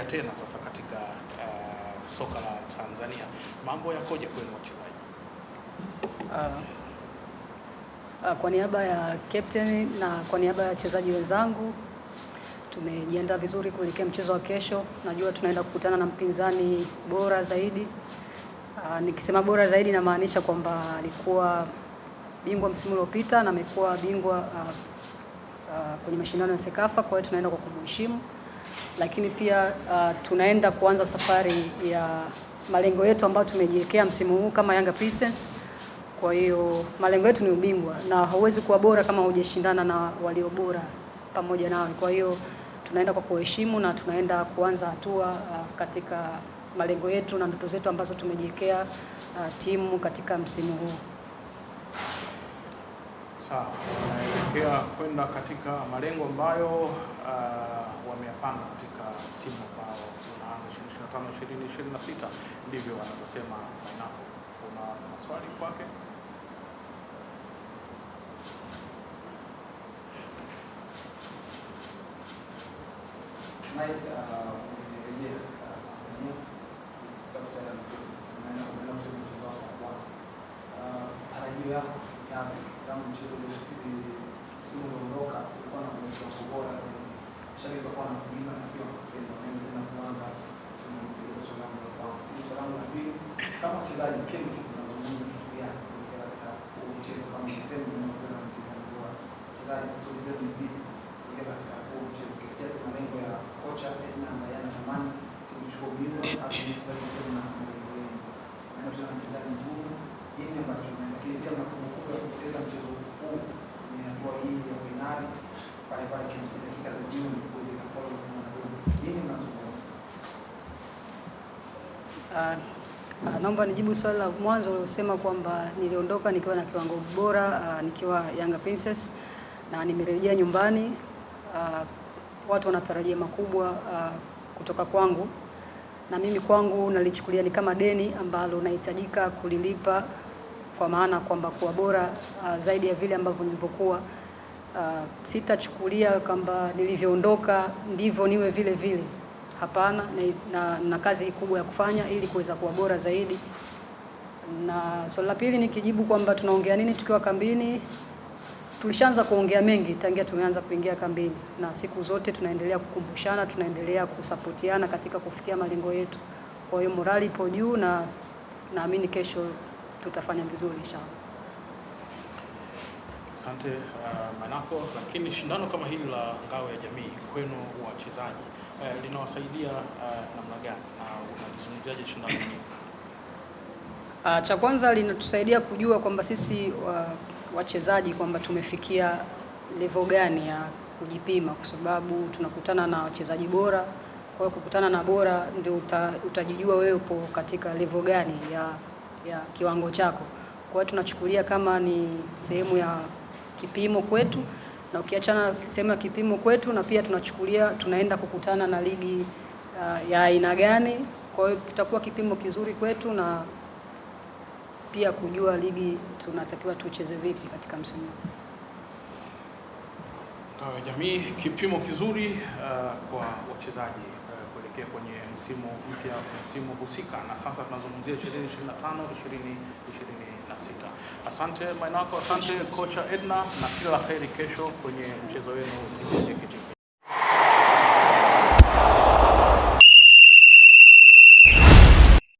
kuangalia tena sasa katika uh, soka la Tanzania mambo yakoje kwenu wachezaji? Uh, uh, kwa niaba ya captain na kwa niaba ya wachezaji wenzangu tumejiandaa vizuri kuelekea mchezo wa kesho. Najua tunaenda kukutana na mpinzani bora zaidi. Uh, nikisema bora zaidi namaanisha kwamba alikuwa bingwa msimu uliopita na amekuwa bingwa uh, uh, kwenye mashindano ya Sekafa. Kwa hiyo tunaenda kwa kumheshimu lakini pia uh, tunaenda kuanza safari ya malengo yetu ambayo tumejiwekea msimu huu kama Yanga Princess. Kwa hiyo malengo yetu ni ubingwa, na hauwezi kuwa bora kama hujashindana na walio bora pamoja nawe. Kwa hiyo tunaenda kwa kuheshimu na tunaenda kuanza hatua uh, katika malengo yetu na ndoto zetu ambazo tumejiwekea uh, timu katika msimu huu kuelekea kwenda katika malengo ambayo uh, wameyapanga katika msimu ambao unaanza 2025 2026, ndivyo wanavyosema Mainako. Kuna maswali kwake? s i g u o u n d o k a kulikuwa na mchezo bora zaidi. Shabiki kwa na kuimba na pia kupenda na mimi na kuanza simu ndio salamu n a kwa. Ni salamu ya pili kama wachezaji Kenya tunazungumza kitu ya katika mchezo kama msemo unaokuwa na mchezaji wa wachezaji studio m z i k o ile katika huo mchezo kiasi kwa lengo ya kocha Edna Mayana Tamani kumchukua bingwa hadi mchezaji Uh, naomba nijibu swali la mwanzo uliosema kwamba niliondoka nikiwa na kiwango bora uh, nikiwa Yanga Princess na nimerejea nyumbani. Uh, watu wanatarajia makubwa uh, kutoka kwangu, na mimi kwangu nalichukulia ni kama deni ambalo nahitajika kulilipa, kwa maana kwamba kuwa bora uh, zaidi ya vile ambavyo nilivyokuwa. Uh, sitachukulia kwamba nilivyoondoka ndivyo niwe vile vile hapana, na, na kazi kubwa ya kufanya ili kuweza kuwa bora zaidi. Na swali la pili nikijibu kwamba tunaongea nini tukiwa kambini, tulishaanza kuongea mengi tangia tumeanza kuingia kambini, na siku zote tunaendelea kukumbushana, tunaendelea kusapotiana katika kufikia malengo yetu. Kwa hiyo morali ipo juu na naamini kesho tutafanya vizuri inshallah. Asante uh, Manako. Lakini shindano kama hili la ngao ya jamii kwenu wachezaji uh, linawasaidia eh, namna gani na unalizungumziaje shindano hili? Ah, cha kwanza linatusaidia kujua kwamba sisi wachezaji kwamba tumefikia level gani ya kujipima, kwa sababu tunakutana na wachezaji bora. Kwa hiyo kukutana na bora ndio uta, utajijua wewe upo katika level gani ya, ya kiwango chako. Kwa hiyo tunachukulia kama ni sehemu ya kipimo kwetu na ukiachana sehemu ya kipimo kwetu, na pia tunachukulia tunaenda kukutana na ligi uh, ya aina gani. Kwa hiyo kitakuwa kipimo kizuri kwetu na pia kujua ligi tunatakiwa tucheze vipi katika msimu huu. Jamii, kipimo kizuri uh, kwa wachezaji tuelekee kwenye msimu mpya, msimu husika, na sasa tunazungumzia 2025 2026. Asante Mainako, asante kocha Edna, na kila la heri kesho kwenye mchezo wenu.